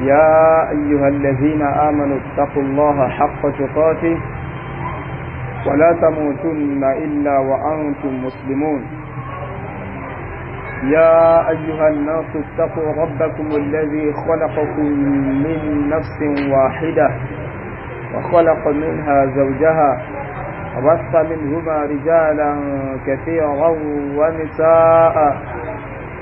يا أيها الذين آمنوا اتقوا الله حق تقاته ولا تموتن إلا وأنتم مسلمون يا أيها الناس اتقوا ربكم الذي خلقكم من نفس واحدة وخلق منها زوجها وبث منهما رجالا كثيرا ونساء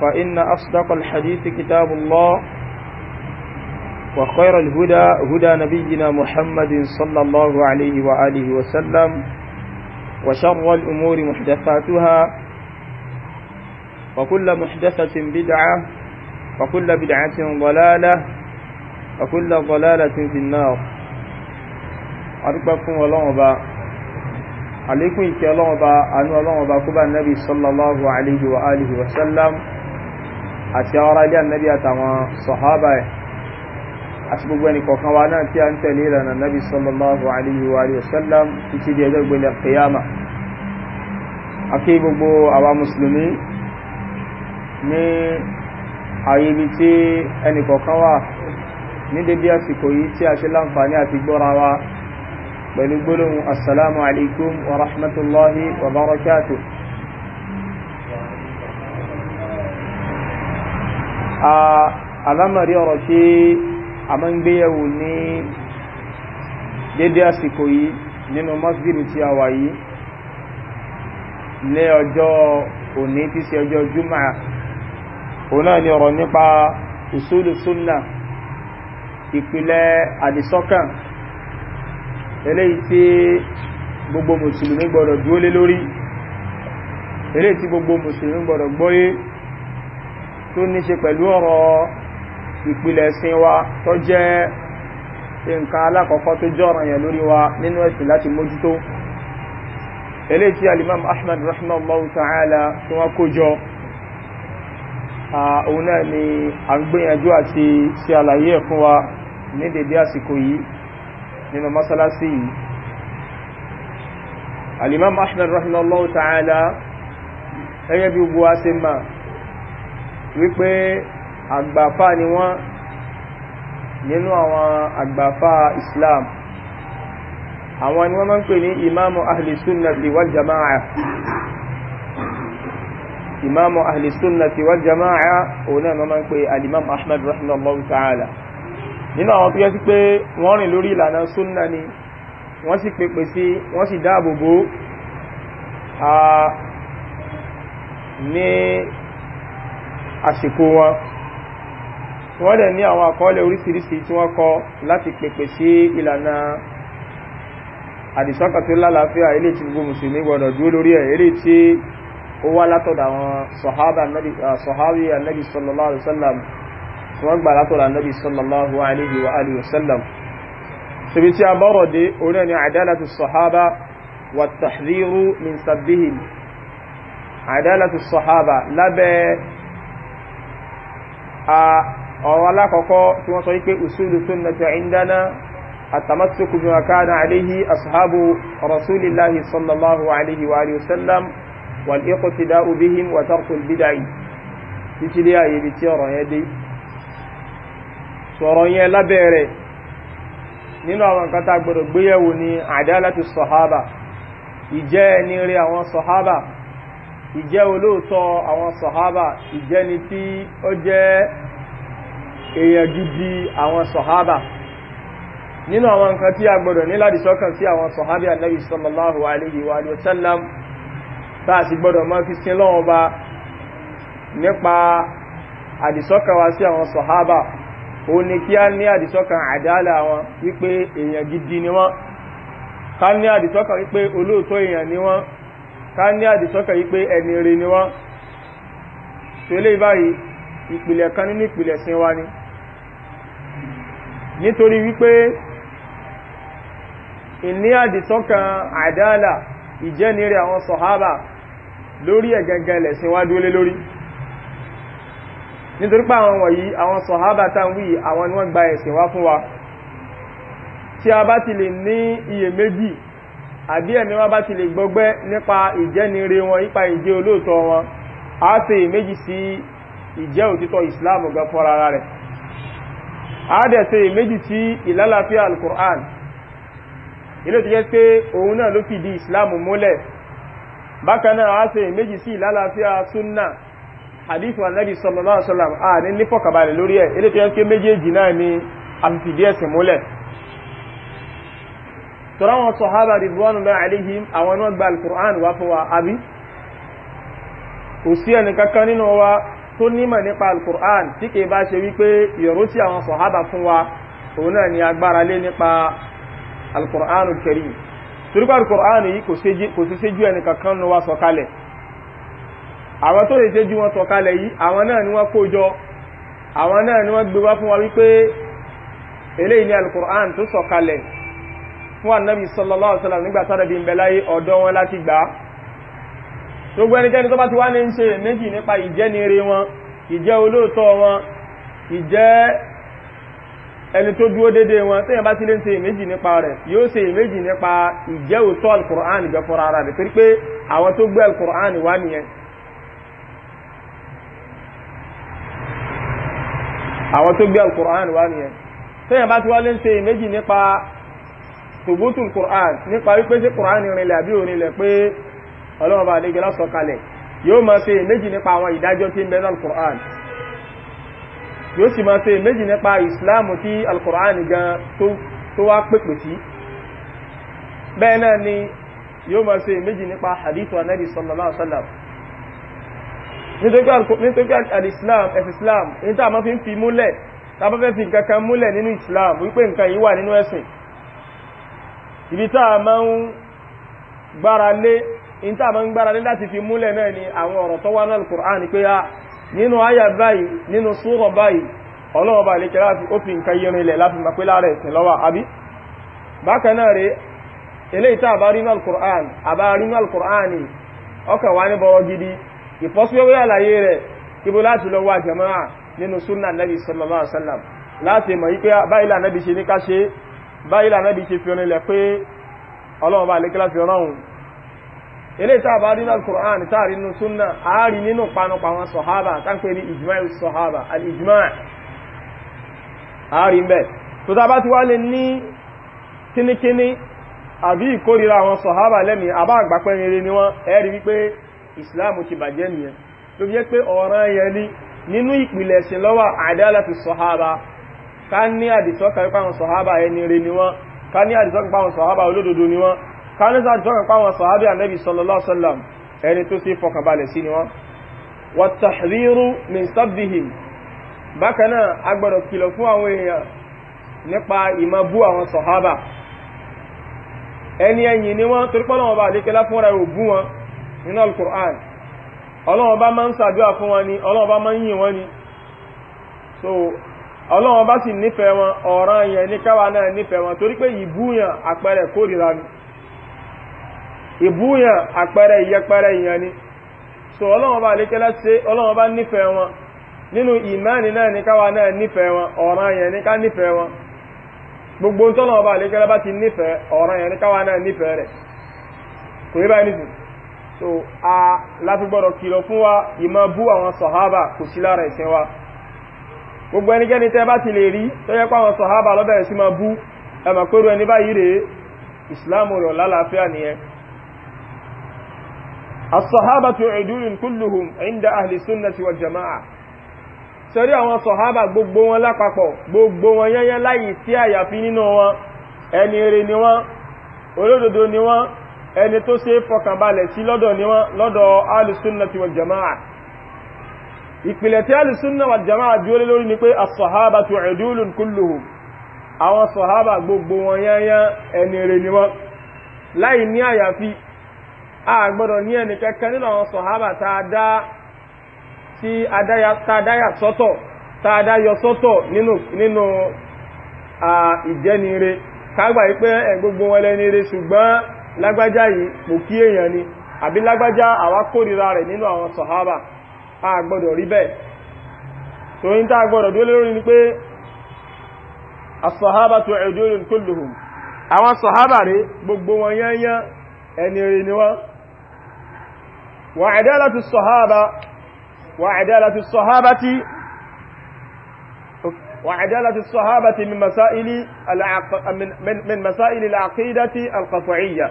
فإن أصدق الحديث كتاب الله وخير الهدى هدى نبينا محمد صلى الله عليه وآله وسلم وشر الأمور محدثاتها وكل محدثة بدعة وكل بدعة ضلالة وكل ضلالة في النار أرقبكم الله أبا عليكم إن الله أبا أنو كبا النبي صلى الله عليه وآله وسلم àti àwọn ará ilé ànábì àtàwọn sọ̀hábà ẹ̀ àti gbogbo ẹnì kọ̀ọ̀kan wa náà tí a ń tẹ̀lé ìlànà nábì sallallahu alayhi wa sallam títí di ọjọ́ ìgbélé qiyama àkí gbogbo àwa mùsùlùmí ní ààyè ibi tí ẹnì kọ̀ọ̀kan wà ní dédé àsìkò yìí tí a ṣe láǹfààní àti gbọ́ra wa pẹ̀lú gbólóhùn assalamu alaikum wa rahmatullahi wa barakatuh a alámọ̀rí ọ̀rọ̀ ṣe àmọ́ngbéyẹ̀wò ní dédé àsìkò yìí nínú masjid tí a wà yìí ní ọjọ́ òní tí sí ọjọ́ jùmọ̀ òun náà ni ọ̀rọ̀ nípa usulu sunna ìpìlẹ̀ àdìsọ́kàn eléyìí tí gbogbo mùsùlùmí gbọ́dọ̀ dúó lé lórí eléyìí tí gbogbo mùsùlùmí gbọ́dọ̀ gbọ́yé tó ní ṣe pẹ̀lú ọ̀rọ̀ ìpìlẹ̀ sin wa tó jẹ́ nǹkan alákọ̀ọ́kọ́ tó jọ́ràn yẹn lórí wa nínú ẹ̀sìn láti mójútó eléyìí tí alimam ahmed rahimahullah ta'ala tí wọ́n kó jọ òun ni a ń gbìyànjú àti ṣe àlàyé ẹ̀ fún wa ta'ala ẹgẹ́ bí gbogbo wa ṣe máa wípé àgbàfà ni wọ́n nínú àwọn àgbàfà Islam àwọn ni wọ́n máa ń pè ní imamu ahli sunnati wal jama'a imamu ahli sunnati wal jama'a òun náà máa ń pè alimam Ahmad rahimahullahu ta'ala nínú àwọn tó yẹ sí pé wọ́n rìn lórí ìlànà sunna ni wọ́n sì pèpè sí wọ́n sì dáàbòbò ní àsìkò wọn wọ́n dẹ̀ ní àwọn àkọọ́lẹ̀ orísìírísìí tí wọ́n kọ láti pèpè sí ìlànà àdìsọ́kà tó lálàáfíà ilé tí gbogbo mùsùlùmí gbọdọ̀ dúró lórí ẹ̀ eré tí ó wá látọ̀dà àwọn sọ̀hábí annabi sallallahu alaihi wasallam tí wọ́n gbà látọ̀dà annabi sallallahu alaihi wa ọ̀rọ̀ alákọ̀ọ́kọ́ tí wọ́n sọ wípé usulu sunnati indana التمسك بما كان عليه أصحاب رسول الله صلى الله عليه وآله وسلم والاقتداء بهم وترك البدع تتليا يبتيرا يدي sọ̀rọ̀ yẹn lábẹ́rẹ̀ nínú àwọn nǹkan tá gbọ́dọ̀ gbéyẹ̀wò ni àdálàtù sọ̀hábà ìjẹ́ ẹni rí àwọn sọ̀hábà ìjẹ́ olóòtọ́ àwọn sọ̀hábà ìjẹni tí ó jẹ́ èèyàn gidi àwọn sọ̀hábà nínú àwọn nǹkan tí a gbọ́dọ̀ ní láti sọ́kàn sí àwọn sọ̀hábà Ànábì sallallahu alaihi wa sallam táà sì gbọ́dọ̀ máa fi sin lọ́wọ́ bá nípa àdìsọ́kàn wa sí àwọn sọ̀hábà ó ní gidi ni wọ́n ká ní àdìsọ́kàn wípé olóòtọ́ èèyàn ni ká ní àdìsọ́kàn yìí pé ẹni rere ni wọ́n tó lè báyìí ìpìlẹ̀ kan nínú ìpìlẹ̀ sin wa ni nítorí wípé ìní àdìsọ́kàn àdáàlà ìjẹ́nire àwọn sọ̀hábà lórí ẹ̀gẹ̀gẹ̀ lẹ̀sìn wá dúró lé lórí nítorí pé àwọn wọ̀nyí àwọn sọ̀hábà tán wí àwọn ni wọ́n gba ẹ̀sìn wá fún wa tí a bá ti lè ní iyèméjì àbí ẹ̀mí wọn bá ti lè gbọgbẹ́ nípa ìjẹ́nire wọn nípa ìjẹ́ olóòtọ́ wọn a ṣe ìméjì sí ìjẹ́ òtítọ́ islam gan fọ́ra ara rẹ̀ a dẹ̀ ṣe ìméjì sí ìlàlàfíà al-Qur'an ilé tó jẹ́ pé òun náà ló fìdí islam múlẹ̀ bákan a ṣe ìméjì sí ìlàlàfíà sunna hadith wa nabi sallallahu alaihi wasallam a ní nífọ̀kàbalẹ̀ lórí ẹ̀ ilé tó jẹ́ pé méjèèjì náà ni tọ́rọ àwọn sọ̀hábà ridwanullahi alaihim àwọn náà gba alkùrán wá fún wa àbí kò sí ẹni kankan nínú wa tó nímọ̀ nípa alkùrán tí kìí bá ṣe wípé yọ̀rọ̀ tí àwọn sọ̀hábà fún wa òun náà ni agbára lé nípa alkùrán karim torípa alkùrán yìí kò sí séjú ẹni kankan nínú wa fún ànábì sallallahu alaihi wasallam nígbà sára bí ìbẹ̀láyé ọ̀dọ́ wọn láti gbà gbogbo ẹnikẹ́ni tó bá ti wá ní ṣe méjì nípa ìjẹ́nire wọn ìjẹ́ olóòtọ́ wọn ìjẹ́ ẹni tó dúó dédé wọn tẹ́yìn bá ti lé ń ṣe méjì nípa rẹ̀ yóò ṣe méjì nípa ìjẹ́ òótọ́ alukur'an gbẹ fúnra ara rẹ̀ pé àwọn tó gbé alukur'an wá nìyẹn àwọn bá ti wá lé ṣe méjì nípa ṣùgbútùl Qur'an nípa wípé sí Qur'an ìrìnlẹ̀ àbí òrìnlẹ̀ pé ọlọ́ọ̀bà àdéjẹ́ lọ́sọ̀kalẹ̀ yóò máa ṣe méjì nípa àwọn ìdájọ́ tí ń bẹ al-Qur'an yóò sì máa ṣe méjì nípa ìsìláàmù tí al-Qur'an gan tó wá pèpè sí bẹ́ẹ̀ náà ni yóò máa ṣe méjì nípa hadithu anabi sallallahu alaihi wasallam nítorí al-Islam ẹ̀sìsìláàmù ní tá a máa fi ń fi múlẹ̀ ibi táà máa ń gbára lé in táà máa ń gbára lé láti fi múlẹ̀ náà ni àwọn ọ̀rọ̀ tó wá náà Al-Qur'an pé a ah, nínú àyà báyìí nínú súrà báyìí ọlọ́wọ́ bá lè kẹ́lá fi ó fi nǹkan yẹrin ilẹ̀ láti mọ̀ pé láàrẹ̀ ìsìn lọ́wọ́ àbí Al-Qur'an àbá rínú Al-Qur'an ni ọkàn wá ní bọ̀rọ̀ gidi ìfọ́síwẹ́wẹ́ àlàyé jama'a nínú súnà nàbì sallallahu alaihi wasallam láti mọ̀ yí pé báyìí là nàbì ṣe báyìí lànà bí ṣe fi ọ̀nà ilẹ̀ pé ọlọ́run bá lè kílá fi ilé ìtàbá rí náà Qur'an táàrí nínú súnnà àárí nínú panupọ̀ àwọn sọ̀hábà táǹpé ní ìjìmá sọ̀hábà al-ijma àárí ń bẹ̀ tó tàbá ti wá lè ní kíníkíní àbí ìkórira àwọn sọ̀hábà lẹ́mìí àbá àgbàpẹ́ rere ni wọ́n ẹ̀rí wípé ìsìláàmù ti bàjẹ́ nìyẹn tó fi jẹ́ pé ọ̀ràn yẹn ní nínú ìpìlẹ̀ ẹ̀sìn lọ́wọ́ àdálàtù sọ̀hábà ká ní àdìsọ́kàn wípé àwọn sọ̀hábà ẹni re ni wọ́n ká ní àdìsọ́kàn pé àwọn sọ̀hábà olódodo ni wọ́n ká ní àdìsọ́kàn pé àwọn sọ̀hábà ànábì sallallahu alaihi wasallam ẹni tó sì fọkànbalẹ̀ sí ni wọ́n wàtàhírú min sabbihim bákanáà agbọ́dọ̀ kìlọ̀ fún àwọn èèyàn nípa ìmá bú àwọn sọ̀hábà ẹni ẹ̀yìn ni wọ́n torí pọ́lọ́wọ́ bá lékelá fún ra òbú wọn nínú al-Qur'an máa ń ṣàdúrà fún wọn ni ọlọ́wọ́ máa ń yìn wọn ni so ọlọ́wọ́n bá sì nífẹ̀ẹ́ wọn ọ̀ràn yẹn ní káwa náà nífẹ̀ẹ́ wọn torí pé ìbúyàn àpẹẹrẹ kórìíra ni ìbúyàn àpẹẹrẹ ìyẹpẹrẹ ìyẹn ni so ọlọ́wọ́n bá lékẹ́lá ṣe ọlọ́wọ́n bá nífẹ̀ẹ́ wọn nínú ìmánì náà ní káwa náà nífẹ̀ẹ́ wọn ọ̀ràn yẹn ní ká nífẹ̀ẹ́ wọn gbogbo tọ́lọ́wọ́n bá lékẹ́lá bá ti nífẹ̀ẹ́ ọ̀ràn yẹn ní káwa náà nífẹ̀ẹ́ rẹ̀ kò so a láti gbọ́dọ̀ kìlọ̀ fún wa ìmọ̀ bú àwọn sàhábà gbogbo ẹnikẹ́ni tẹ́ bá ti lè rí tó yẹ pàwọn sọ̀hábà lọ́bẹ̀rẹ̀ sí máa bú ẹmà pẹ̀lú ẹni báyìí rèé ìsìláàmù rọ̀ lálàáfíà nìyẹn asọ̀hábà tó ìdúrin kúlùhùn inda ahli sunnati jama'a sọ́rí àwọn sọ̀hábà ìpìlẹ̀ tí alìsúnnà wal jama'a dúró lórí ni pé asọ̀hábà tó ẹ̀dúlùn kulluhum àwọn sọ̀hábà gbogbo wọn yányá ẹni rẹ̀ ni wọ́n láì ní àyàfi a gbọ́dọ̀ ní ẹni kẹ́kẹ́ nínú àwọn sọ̀hábà tàádáyà sọ́tọ̀ tàádáyọ sọ́tọ̀ nínú ìjẹni rẹ̀ kágbà ipẹ́ ẹ̀ gbogbo wọn lẹ́ni rẹ̀ a gbọ́dọ̀ rí bẹ́ẹ̀ so yí tá gbọ́dọ̀ dúró lórí ni pé asọ̀hábà tó ẹ̀dọ́rùn kulluhum àwọn sọ̀hábà rí gbogbo wọn yányán ẹni rí ni wọ́n wà adalatu sọ̀hábà wà adalatu sọ̀hábàtí al-aqidati al-qat'iyyah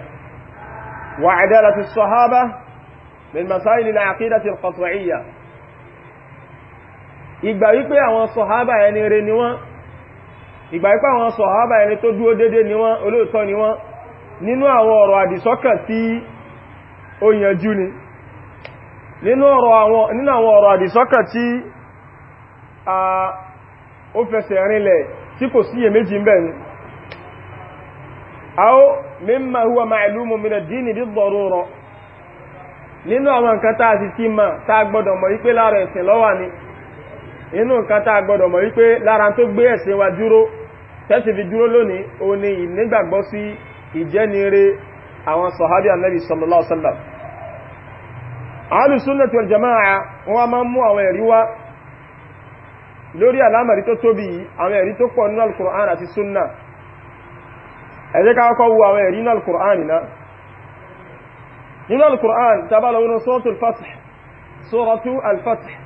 وعدالة الصحابة من مسائل العقيدة القطعية ìgbà wípé àwọn sọ̀hábà ẹni rere ni wọ́n ìgbà wípé àwọn sọ̀hábà ẹni tó dúró dédé ni wọ́n olóòtọ́ ni wọ́n nínú àwọn ọ̀rọ̀ àdìsọ́kàn tí ó yanjú ni nínú àwọn ọ̀rọ̀ tí ó fẹsẹ̀ rinlẹ̀ tí kò síyè méjì ń bẹ̀ ni a ó mimma huwa ma'lumun min ad-din bid-darura nínú àwọn nǹkan mọ̀ inú nǹkan tá a gbọ́dọ̀ mọ̀ wípé lára tó gbé ẹ̀sìn wa dúró tẹ́sì fi dúró lónìí o ní ìnígbàgbọ́ sí ìjẹ́nire àwọn sọ̀hábí ànábì sallallahu alaihi wasallam alùsúnnà wal jamaa wọ́n máa mú àwọn ẹ̀rí wá lórí alámàrí tó tóbi àwọn ẹ̀rí tó pọ̀ nínú al-Qur'an àti súnnà ẹ jẹ́ ká kọ́kọ́ wo àwọn ẹ̀rí nínú al nínú al-Qur'an tá a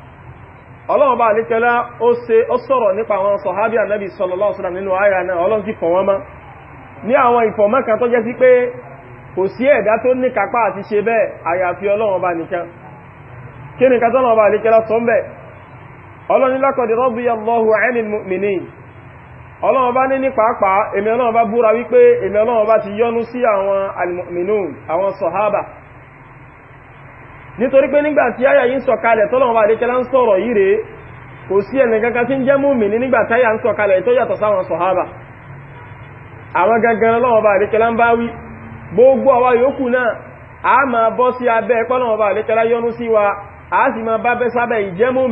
ọlọ́run bá alékẹ́lá ó ṣe ó sọ̀rọ̀ nípa àwọn sọ̀hábí ànábì sallallahu alaihi wasallam nínú àyà náà ọlọ́run ti fọ̀wọ́n mọ́ ní àwọn ìfọ̀mọ́ kan tó jẹ́ sí pé kò sí ẹ̀dá tó ní kápá àti ṣe bẹ́ẹ̀ àyàfi ọlọ́run bá nìkan kí ni kátọ́ ọlọ́run bá alékẹ́lá sọ ń bẹ̀ ọlọ́run laqad radiyallahu 'anil ní ní pàápàá èmi ọlọ́run bá búra wípé èmi ọlọ́run bá ti yọ́nú sí àwọn al àwọn sọ̀hábà nítorí pé nígbà tí àyà yìí ń sọ̀kalẹ̀ tọ́lọ́wọ́n bá ń sọ̀rọ̀ yìí rèé kò sí ẹnì kankan tí ń jẹ́ mùmínì nígbà táyà ń sọ̀kalẹ̀ tó yàtọ̀ sáwọn sọ̀hábà àwọn gangan lọ́wọ́n bá adékẹ́lá ń bá wí gbogbo àwa yòókù náà a wa a si máa bá bẹ́ sábẹ́ àwọn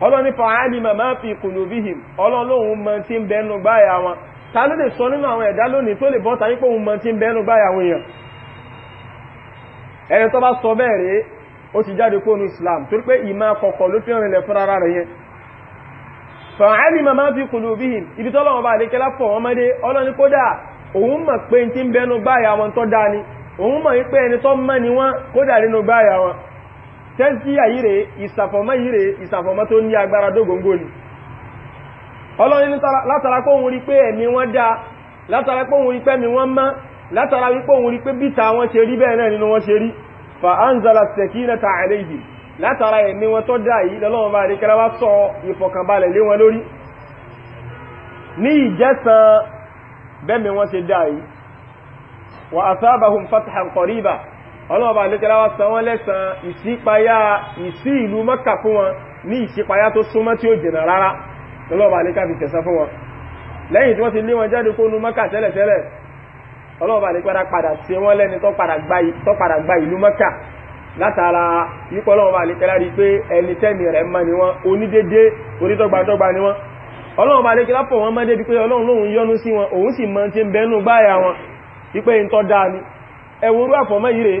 ọlọ́ni fa alima ma fi him, ọlọ́lọ́hun mọ tí ń bẹnu gbáyà wọn ta ló lè sọ nínú àwọn ẹ̀dá lónìí tó lè bọ́ tàyí pé òun mọ tí ń bẹnu gbáyà wọn èèyàn ẹni tó bá sọ bẹ́ẹ̀ rèé ó ti jáde kó nu Islam torí pé ìmá kọ̀kọ̀ ló fi rìnlẹ̀ fún ara yẹn him, ibi bá lè kẹ́lá ọmọdé kódà òun mọ̀ pé tó tẹ́síyà yìí rẹ̀ ìsàfọ̀mọ́ yìí rẹ̀ ìsàfọ̀mọ́ tó ní agbára dógóngó ni ọlọ́rin látara pé òun rí pé ẹ̀mí wọn dá látara pé òun rí pé ẹ̀mí wọn mọ́ látara wípé òun rí pé bíta wọn ṣe rí bẹ́ẹ̀ náà nínú wọn ṣe rí fa anzala sakinata alayhi látara ọlọ́ọ̀bà àlékẹ́lá wá san wọ́n lẹ́san ìṣípayá ìsí ìlú mọ́kà fún wọn ní ìṣípayá tó súnmọ́ tí ó jìnà rárá ọlọ́ọ̀bà àlékẹ́lá fi tẹ̀san fún wọn lẹ́yìn tí wọ́n ti lé wọn jáde kónú mọ́kà tẹ́lẹ̀tẹ́lẹ̀ ọlọ́ọ̀bà àlékẹ́lá padà ṣe wọ́n lẹ́ni tó padà gba ìlú mọ́kà látara yípo ọlọ́ọ̀bà àlékẹ́lá rí pé ẹni tẹ́mi rẹ̀ mọ́ ni wọ́n onídédé onídọ́gbadọ́gba ni wọ́n ọlọ́ọ̀bà àlékẹ́lá pọ̀ wọ́n mọ́ débi pé ọlọ́run lóun yọ́nú sí wọn òun sì mọ́ ti ń bẹ́nu gbáyà wọn wípé ń tọ́ dáa ni ẹ̀wòrú àfọ̀mọ́ yìí rèé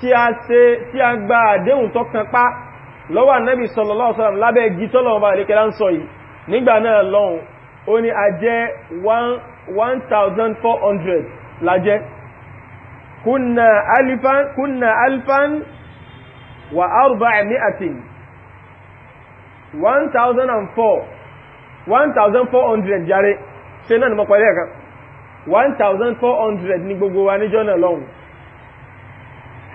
tí a ṣe tí a gba àdéhùn tó kan pá lọ́wọ́ ànábì sallallahu alaihi wasallam lábẹ́ igi tọ́lọ́wọ́ bá lékẹ́lá ń sọ yìí nígbà náà lọ́hùn ó ní a jẹ́ 1400 lájẹ́ kúnnà alifan kúnnà alifan wà arba'a mi'atin 1004 1400 jàre ṣe náà ni mọ́ pẹ̀lẹ́ kan 1400 ní gbogbo wa níjọ́ náà lọ́hùn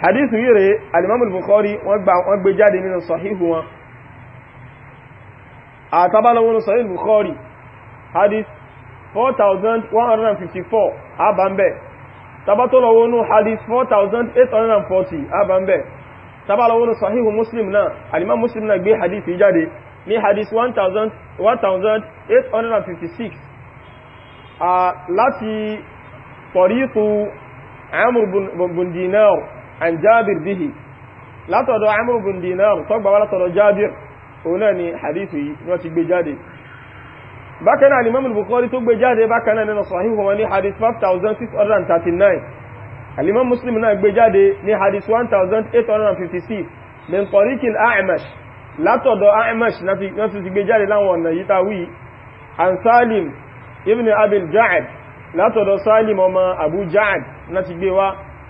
hadithu yìí rẹ̀ alimamul bukhari wọ́n gbé jáde nínú sahihu wọn àtàbálọ́wọ́n sahihu bukhari hadith 4154 abambẹ̀ tabatọ́lọ́wọ́n hadith 4840 abambẹ̀ tabalọ́wọ́n sahihu muslim náà alimam muslim náà gbé hadith yìí jáde ní hadith 1856 láti tariqu amr bin dinar an jabir bihi látọ̀dọ̀ amr bin dinar tó gbà wá látọ̀dọ̀ jabir òun náà ni hadithu yìí ni wọ́n ti gbé jáde bákan náà alimami bukhari tó gbé jáde bákan náà nínú sahih wọn ní hadith 5639 alimami muslim náà gbé jáde ní hadith 1856 min tariqil a'mash látọ̀dọ̀ a'mash náà ti gbé jáde láwọn ọ̀nà yìí tawí an salim ibn abil ja'ad látọ̀dọ̀ salim ọmọ abu ja'ad náà ti gbé wá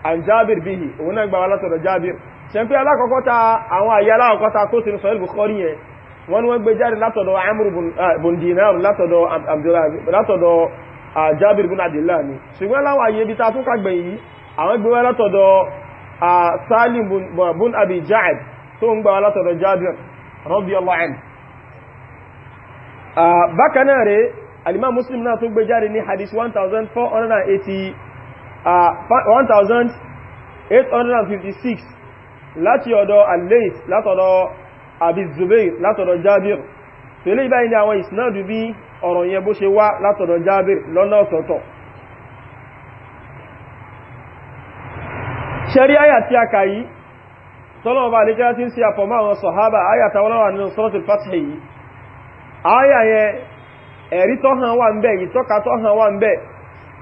an jabir bihi òun náà gbà wá látọ̀dọ̀ jabir sẹ́ńpé alákọ̀ọ́kọ́ta àwọn àyè alákọ̀ọ́kọ́ta tó sinú sọ́yìn bukhari yẹn wọ́n ni wọ́n gbé jáde látọ̀dọ̀ amur bun ah, dinar látọ̀dọ̀ ah, jabir bun adillah ni ṣùgbọ́n láwọn àyè ibi ta tún kàgbẹ̀ yìí àwọn gbé wá látọ̀dọ̀ ah, salim bun abi ja'ad tó ń gbà wá látọ̀dọ̀ jabir radiyallahu anhu bákan náà rẹ̀ alimá muslim náà tún gbé jáde ní hadith 1480 1856 ah, láti ọ̀dọ̀ al látọ̀dọ̀ Abi látọ̀dọ̀ Jabir tẹ́lẹ̀ ìbáyìí ni àwọn ìsinádù bí ọ̀rọ̀ yẹn bó ṣe wá látọ̀dọ̀ Jabir lọ́nà ọ̀tọ̀ọ̀tọ̀ ṣẹ́rí àyà tí a kà yìí tọ́lọ̀ ọba tí ń sí àfọ̀mọ́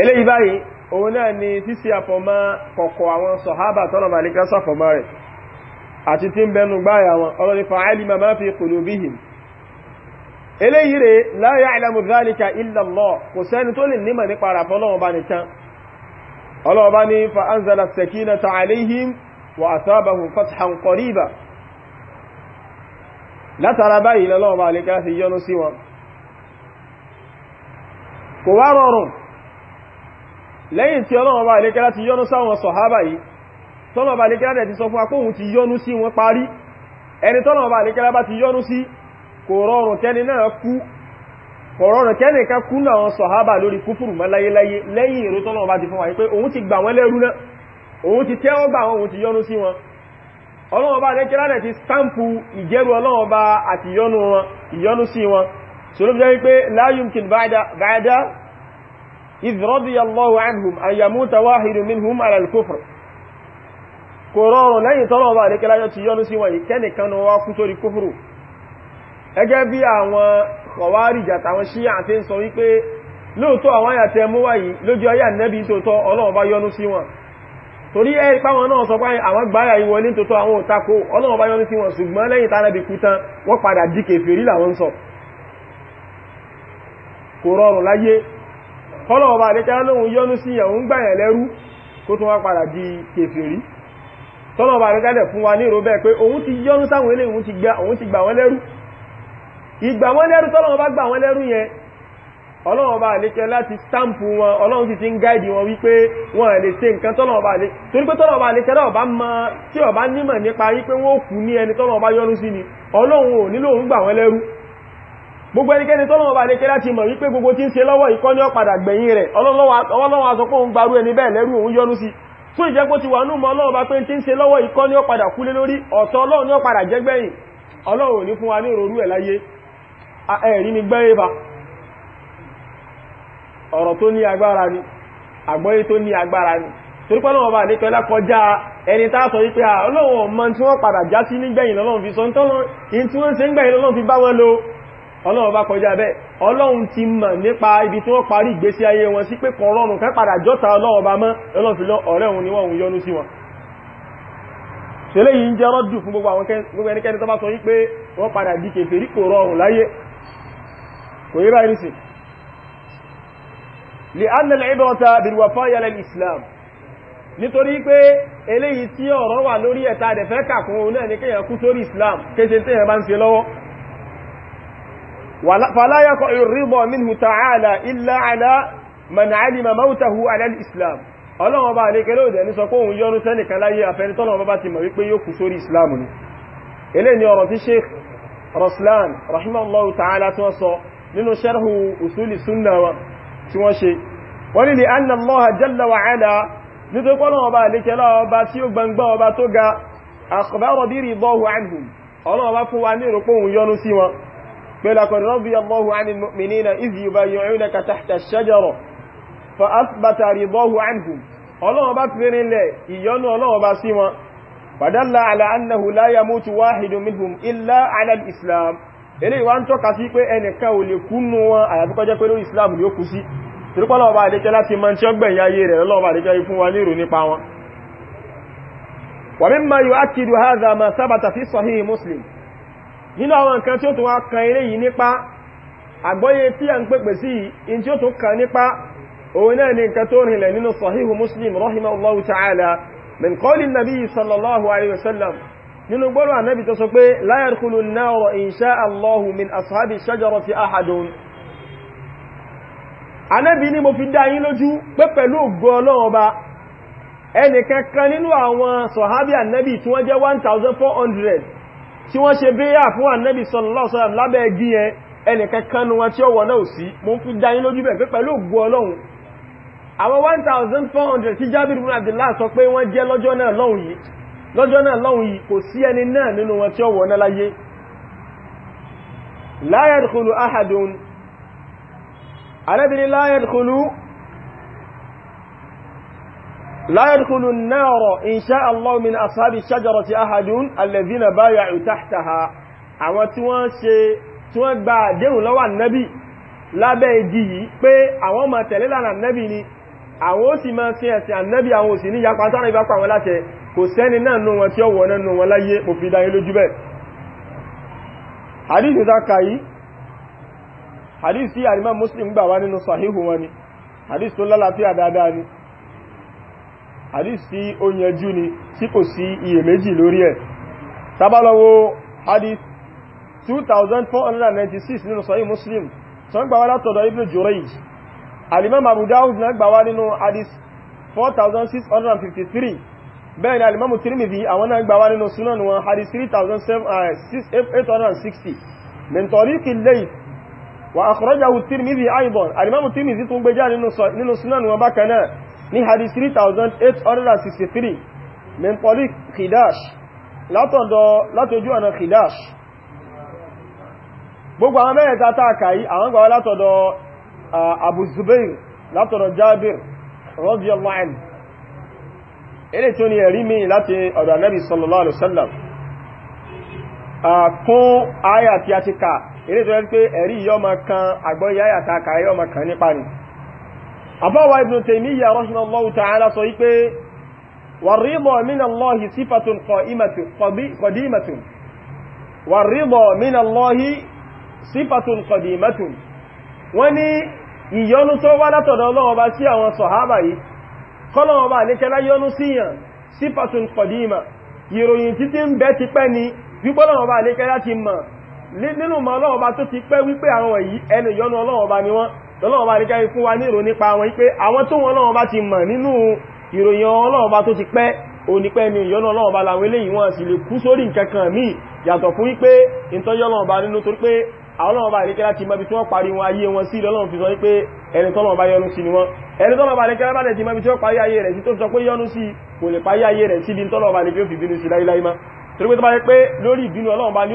eléyìí báyìí òun náà ni sísí àfọ̀mọ́ kọ̀kọ̀ àwọn sọ̀hábà tọ́nà màlíkà sàfọ̀mọ́ rẹ̀ àti tí ń bẹnu gbáyà wọn ọlọ́ni fa'ali ma máa fi qulubihim eléyìí rẹ̀ la ya'lamu dhalika illa Allah kò sẹ́ni tó lè nímọ̀ nípa ara fọ́lọ́wọ́ bá nìkan ọlọ́wọ́ bá ní fa anzala sakinata alayhim wa asabahum kò wá rọrùn lẹ́yìn tí ọlọ́run bá ilékẹ́lá ti yọ́nú sáwọn sọ̀hábà yìí tọ́lọ̀ bá ilékẹ́lá dẹ̀ ti sọ fún akóhun ti yọ́nú sí wọn parí ẹni tọ́lọ̀ bá ilékẹ́lá bá ti yọ́nú sí kò rọrùn kẹ́ni náà kú kò rọrùn kẹ́ni ká kú náà sọ̀hábà lórí kúfùrù mọ́ láyéláyé lẹ́yìn èrò tọ́lọ̀ bá ti fún wa pé òun ti gbà wọ́n lẹ́rú náà òun ti tẹ́wọ́ gbà wọn òun ti yọ́nú sí wọn ọlọ́run ilékẹ́lá dẹ̀ ti stampu إذ رضي الله عنهم أن يموت واحد منهم على الكفر kòrọrùn lẹ́yìn tọ́lọ̀ ọba àríkẹ́ láyọ́ ti yọ́nú sí wọ̀nyí kẹ́nìkan wá kú sórí kúfùrù ẹgẹ́ bí àwọn Khawarij àtàwọn Shia àti ń sọ wípé lóòtọ́ àwọn àyàtẹ mú wáyìí lójú ayé Ànábì tòótọ́ Ọlọ́run bá yọ́nú sí wọn torí ẹ páwọn náà sọ pé àwọn gbáyà ìwọ ní tòótọ́ àwọn òtakò Ọlọ́run bá yọ́nú sí wọn ṣùgbọ́n lẹ́yìn tánàbì kú tán wọ́n padà di kèfèrí làwọn sọ kò rọrùn láyé kọ́lọ̀wọ́ bá lẹ́kẹ́ lóhun yọ́nú sí ẹ̀hún gbàyàn lẹ́rú kó tún wá padà di kèfèrí tọ́lọ̀wọ́ bá lẹ́kẹ́ fún wa ní ìrò bẹ́ẹ̀ pé òun ti yọ́nú sáwọn ilé òun ti gbà wọ́n lẹ́rú ìgbà wọ́n lẹ́rú tọ́lọ̀wọ́ bá gbà wọ́n lẹ́rú yẹn ọlọ́wọ́ bá lẹ́kẹ́ láti stampu wọn ọlọ́run ti ti ń gáìdì wọn wípé wọn lè ṣe nǹkan tọ́lọ̀wọ́ bá lẹ́ torí pé tọ́lọ̀wọ́ bá lẹ́kẹ́ náà bá mọ tí ọba nímọ̀ nípa wípé wọ́n kú ní ẹni tọ́lọ̀wọ́ bá yọ́nú sí ni ọlọ́run ò nílò òun gbà wọ́n lẹ́rú gbogbo ẹnikẹ́ni tọ́lọ́wọ́ bá lè kẹ́lá ti mọ̀ wípé gbogbo tí ń ṣe lọ́wọ́ ìkọ́ ní ọ̀padà gbẹ̀yìn rẹ̀ ọlọ́wọ́ àsọpọ̀ ń gbarú ẹni bẹ́ẹ̀ lẹ́rù òun yọnú sí fún ìjẹ́pọ̀ ti wà ní mọ́ ọlọ́wọ́ bá pé tí ń ṣe lọ́wọ́ ìkọ́ ní ọ̀padà kúlé ni gbẹ́rẹ́ bá ọ̀rọ̀ ni àgbọ́yé tó ní agbára ni torí pé ọlọ́wọ́ bá lè kẹ́lá kọjá ẹni tá sọ wípé ọlọ́wọ́ mọ tí wọ́n padà já sí nígbẹ̀yìn lọ́lọ́run fi sọ ń tọ́lọ́ in tí wọ́n ṣe ń gbẹ̀yìn lọ́lọ́run fi bá wọn lo ọlọ́run bá kọjá bẹ́ẹ̀ ọlọ́run ti mọ̀ nípa ibi tí wọ́n parí ìgbésí ayé wọn sí pé kọrọrùn kan padà jọ́ta ọlọ́run bá mọ́ ọlọ́filọ́ ọ̀rẹ́ òun ni wọ́n òun yọ́nú sí wọn ṣẹlẹ̀ yìí ń jẹ́ rọ́dù fún gbogbo àwọn ẹnikẹ́ni tó bá sọ wípé wọ́n padà di kèfèrí kò rọrùn láyé kò yí báyìí nìsìn lè annal ibrata bilwafaya lal islam nítorí pé eléyìí tí ọ̀rọ̀ wà lórí ẹ̀ta àdẹ̀fẹ́ kàkún náà ní kéèyàn kú sórí islam kéèyàn tẹ́yàn bá ń ṣe lọ́wọ́ فلا يقع الرضا منه تعالى إلا على من علم موته على الإسلام ọlọ́run ọba àríkẹ́lẹ́ òdẹ̀ ní sọ pé òun yọ́nú sẹ́nìkan láyé àfẹ́nitọ́lọ́run ọba ti mọ̀ wípé yóò kú sórí islamu ni ilé ni ọ̀rọ̀ tí sheikh Raslan rahimahullahu ta'ala tí wọ́n sọ nínú sharhu usuli sunna tí wọ́n ṣe wọ́n ni anna Allaha لقد رضي الله عن المؤمنين إذ يبايعونك تحت الشجرة فأثبت رضاه عنهم الله أبا فيرين لي إيانو الله أبا سيما فدل على أنه لا يموت واحد منهم إلا على الإسلام إلي وأن تقصي كي أن كاو لكنوا على بقى جاكو لو إسلام ليوكسي تلقى الله أبا عليك لا تمان شبه يا يري الله أبا عليك يفون ونيرو نقاوا ومما يؤكد هذا ما ثبت في صحيح مسلم nínú àwọn nǹkan tí ó tún wá kan eléyìí nípa àgbọ́yé tí a ń pèpè sí in tí ó tún kan nípa òun náà ni nǹkan tó rìnlẹ̀ nínú sahihu muslim rahimahullahu ta'ala min qawli nabi sallallahu alaihi wasallam nínú gbọ́rọ̀ annabi tó sọ pé la yadkhulu an-nara insha Allahu min ashabi shajarati ahadun annabi àwọn sahabi annabi tí wọ́n jẹ́ 1400 tí wọ́n ṣe bẹ́yà fún ànábì sallallahu alaihi wasallam lábẹ́ igi yẹn ẹnìkan kan wọn tí ó wọ̀ náà sí mo fi dá yín lójú bẹ̀ pé pẹ̀lú ògùn ọlọ́run àwọn 1400 tí jábìrì ibn Abdullah sọ pé wọ́n jẹ́ lọ́jọ́ náà lọ́hùn yìí lọ́jọ́ náà lọ́hùn yìí kò sí ẹni náà nínú wọn tí ó wọ̀ náà láyé la yadkhulu لا يدخل النار إن شاء الله من أصحاب الشجرة أحد الذين بايعوا تحتها àwọn tí wọ́n ṣe tí wọ́n gba àdéhùn lọ́wọ́ ànábì lábẹ́ igi yìí pé àwọn máa tẹ̀lé lànà ànábì ni àwọn ó sì máa fi ẹ̀sìn ànábì àwọn òsì ní yapa sára ìbá pa àwọn láṣẹ kò sẹ́ni náà nù wọn tí hadith tí ó yanjú ni tí kò sí iyèméjì lórí ẹ̀ tá bá hadith 2496 nínú sahih muslim tó ń gbàwá látọ̀dọ̀ ibn jurayj alimam abu dawud na gbàwá nínú hadith 4653 bẹ́ẹ̀ ni alimam tirmidhi àwọn náà gbàwá nínú sunan wọn hadith 3860 uh, min tariq al-layth wa akhrajahu tirmidhi aidan alimam tirmidhi tún gbé jáde nínú sunan wọn bákan ní hadith 3863 min tariq khidash látọ̀dọ̀ látojú ọ̀nà khidash gbogbo àwọn mẹ́rẹ̀ta tààkà yìí àwọn gbà látọ̀dọ̀ abu zubair látọ̀dọ̀ jabir radiyallahu anhu ilé tó ní ẹ̀rí mi láti ọ̀dọ̀ anábi sallallahu alaihi wasallam kún àyà tí a ti kà ilé tó yẹ pé ẹ̀rí yọ́ ma kan àgbọ́yí àyà tààkà àbáwà ibn Taymiyyah rahimahullahu ta'ala sọ wípé wàrídọ̀ minallahi sífàtún qadimatun wàrídọ̀ minallahi sífàtún qadimatun wọ́n ní ìyọnu tó wá látọ̀dọ̀ Ọlọ́run bá sí àwọn sọ̀hábà yìí kọ́lọ̀wọ́ bá ní kẹlá yọnu síyàn sífàtún qadima ìròyìn títí ń bẹ ti pẹ́ ni wípọ́lọ́wọ́ bá ti mọ̀ nínú mọ́ Ọlọ́run tó ti pẹ́ wípé àwọn èyí ẹnu ìyọnu Ọlọ́run ni wọ́n lọ́lọ́wọ́ bá ríkẹ́ fún wa ní ìrò nípa wọn pé àwọn tó wọn lọ́wọ́ bá ti mọ̀ nínú ìròyìn ọlọ́wọ́ bá tó ti pẹ́ onípẹ́ ni ìyọ́nà ọlọ́wọ́ bá láwọn eléyìí wọn sì lè kú sórí nǹkankan míì yàtọ̀ fún wípé ìtọ́jọ́lọ́wọ́ bá nínú torí pé àwọn ọba àríkẹ́ láti mọ́bí tí wọ́n parí wọn ayé wọn sí lọ́lọ́run fi sọ wípé ẹni tọ́lọ̀ ọba yọ́nú sí ni wọ́n ẹni tọ́lọ̀ ọba àríkẹ́ láti mọ́bí tí wọ́n parí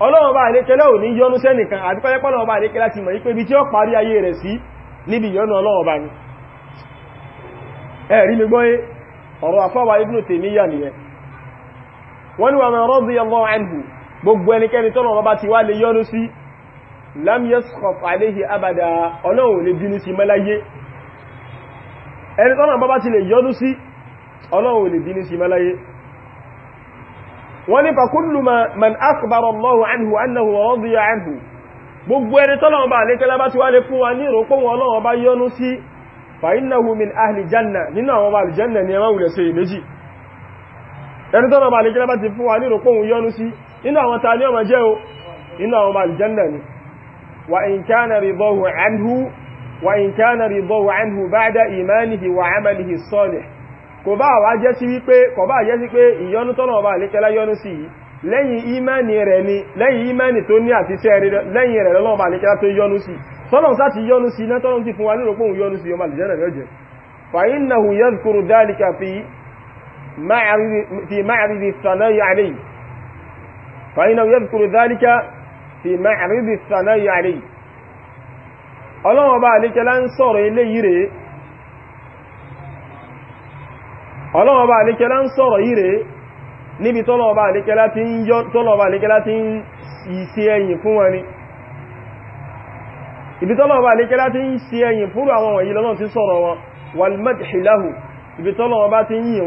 ọlọ́run bá àlékẹ́lẹ́ ò ní yọnú sẹ́nìkan àdúkọ́yẹ́ pọ́lọ́run bá àlékẹ́lá ti mọ̀ wípé ibi tí ó parí ayé rẹ̀ sí níbi yọnú ọlọ́run bá ní ẹ̀rí mi gbọ́yé ọ̀rọ̀ àfọ́wà Ibn Taymiyyah nìyẹn wọ́n ni wà man radiyallahu anhu gbogbo ẹnikẹ́ni tọ́lọ́run bá ti wá lè yọnú sí lam yaskhaf alayhi abada ọlọ́run lè wọ́n ní fàkúlù man akbar allahu anhu annahu wa radiya anhu gbogbo ẹni tọ́lọ̀wọ́ bá alékẹ́lá bá ti wá lè fún wa ní ìrọ̀pọ̀ wọn lọ́wọ́ bá yọ́nú sí fa innahu min ahli janna nínú àwọn bá kò bá wá jẹ́ sí wípé kò bá jẹ́ sí pé ìyọnu tọ́nà ọba àlékẹ́lá yọnu sí lẹ́yìn ìmánì rẹ̀ ni lẹ́yìn ìmánì tó ní àti iṣẹ́ rẹ̀ lẹ́yìn rẹ̀ lọ́nà ọba àlékẹ́lá tó yọnu sí tọ́nà sáti yọnu sí iná tọ́nà ti fún wa nírò pòun yọnu sí ọmọ àlìjẹ́nà rẹ̀ jẹ́ fàyínnahu yẹ́zùkúrú dálíkà fi máàrídì àlékẹ́lá ń sọ̀rọ̀ eléyìí rèé ọlọ́ọ̀bá àlékẹ́lá ń sọ̀rọ̀ ire níbi tọ́lọ̀ọ̀bá àlékẹ́lá ti ń ṣe ẹ̀yìn fún wọn ni ibi tọ́lọ̀ọ̀bá àlékẹ́lá ti ń ṣe ẹ̀yìn fún àwọn wọ̀nyí lọ́nà ti sọ̀rọ̀ wọn walmadhilahu ibi tọ́lọ̀ọ̀bá ti ń yìn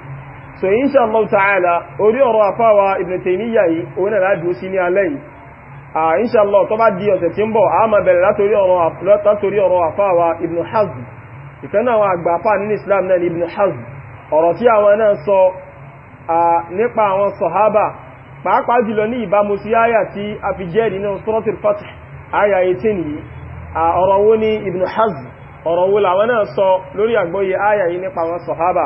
so insha Allah ta'ala orí ọ̀rọ̀ àfáwà Ibn Taymiyyah yìí òun náà dúró sí ní alẹ́ yìí à insha Allah tó bá di ọ̀sẹ̀ tí ń bọ̀ a máa bẹ̀rẹ̀ látorí ọ̀rọ̀ àfáwà Ibn Hazm ìkan náà àgbà àfáà nínú Islam náà ni Ibn Hazm ọ̀rọ̀ tí àwọn náà sọ nípa àwọn sọ̀hábà pàápàá jùlọ ní ìbámu sí àyà tí a fi jẹ́ nínú Suratul Fath àyà 18 yìí ọ̀rọ̀ wo ni Ibn Hazm ọ̀rọ̀ wo làwọn náà sọ lórí àgbọ́yé àyà yìí nípa àwọn sọ̀hábà